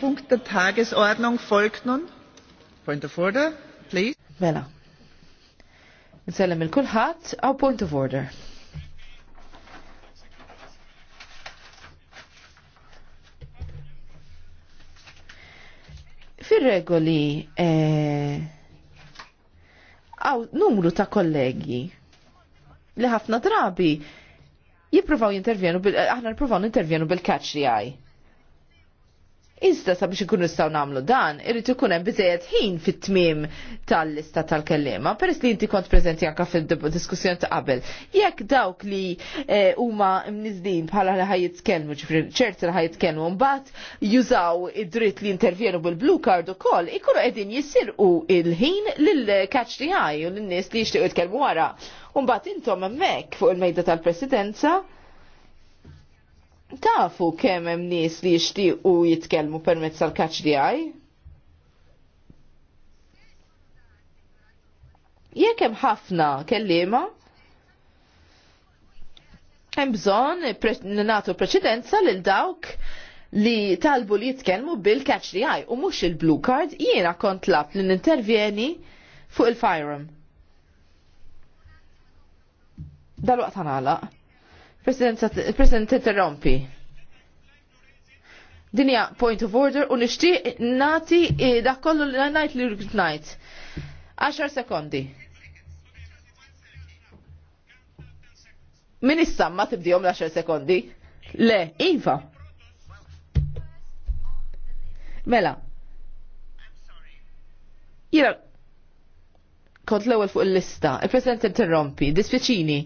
Punkt der Tagesordnung folgt nun. Point of order, please. Mela. Nsellem il-kulħat għaw point of order. Fir-regoli eh, għaw eh, numru ta' kollegi li ħafna drabi jippruvaw jintervjenu, eh, aħna nippruvaw nintervjenu bil-catch li għaj Iżda sabiex ikun nistgħu nagħmlu dan, irid ikun hemm biżejjed ħin fit-tmiem tal-lista tal-kellima, peress li inti kont preżenti anke fid-diskussjoni ta' qabel. Jekk dawk li eh, huma mniżdin bħala li ħaj jitkellmu, ċert li ħaj jitkellmu mbagħad jużaw id-dritt li intervjenu bil-blue card ukoll, ikunu qegħdin jissirqu il-ħin lill-catch li u lin-nies li jixtiequ jitkellmu wara. U Mbagħad intom hemmhekk fuq il-mejda tal-presidenza Tafu kemm hemm nies li jixtiequ jitkellmu permezz tal-kaċ di għaj? Jekk hemm ħafna kelliema, hemm bżonn nagħtu preċedenza lil dawk li talbu li jitkellmu bil-catch DI għaj u mhux il-blue card jiena kont lab li nintervjeni fuq il-firearm. Dal-waqt ħanalaq. President interrompi. Dinja point of order u nixtieq nati eh, dak kollu li ngħid li rrid najt. Aċar sekondi. Min issa ma jom l-10 sekondi? Le, iva. Mela. Jira, kont l-ewel fuq il-lista, il-President interrompi, dispiċini.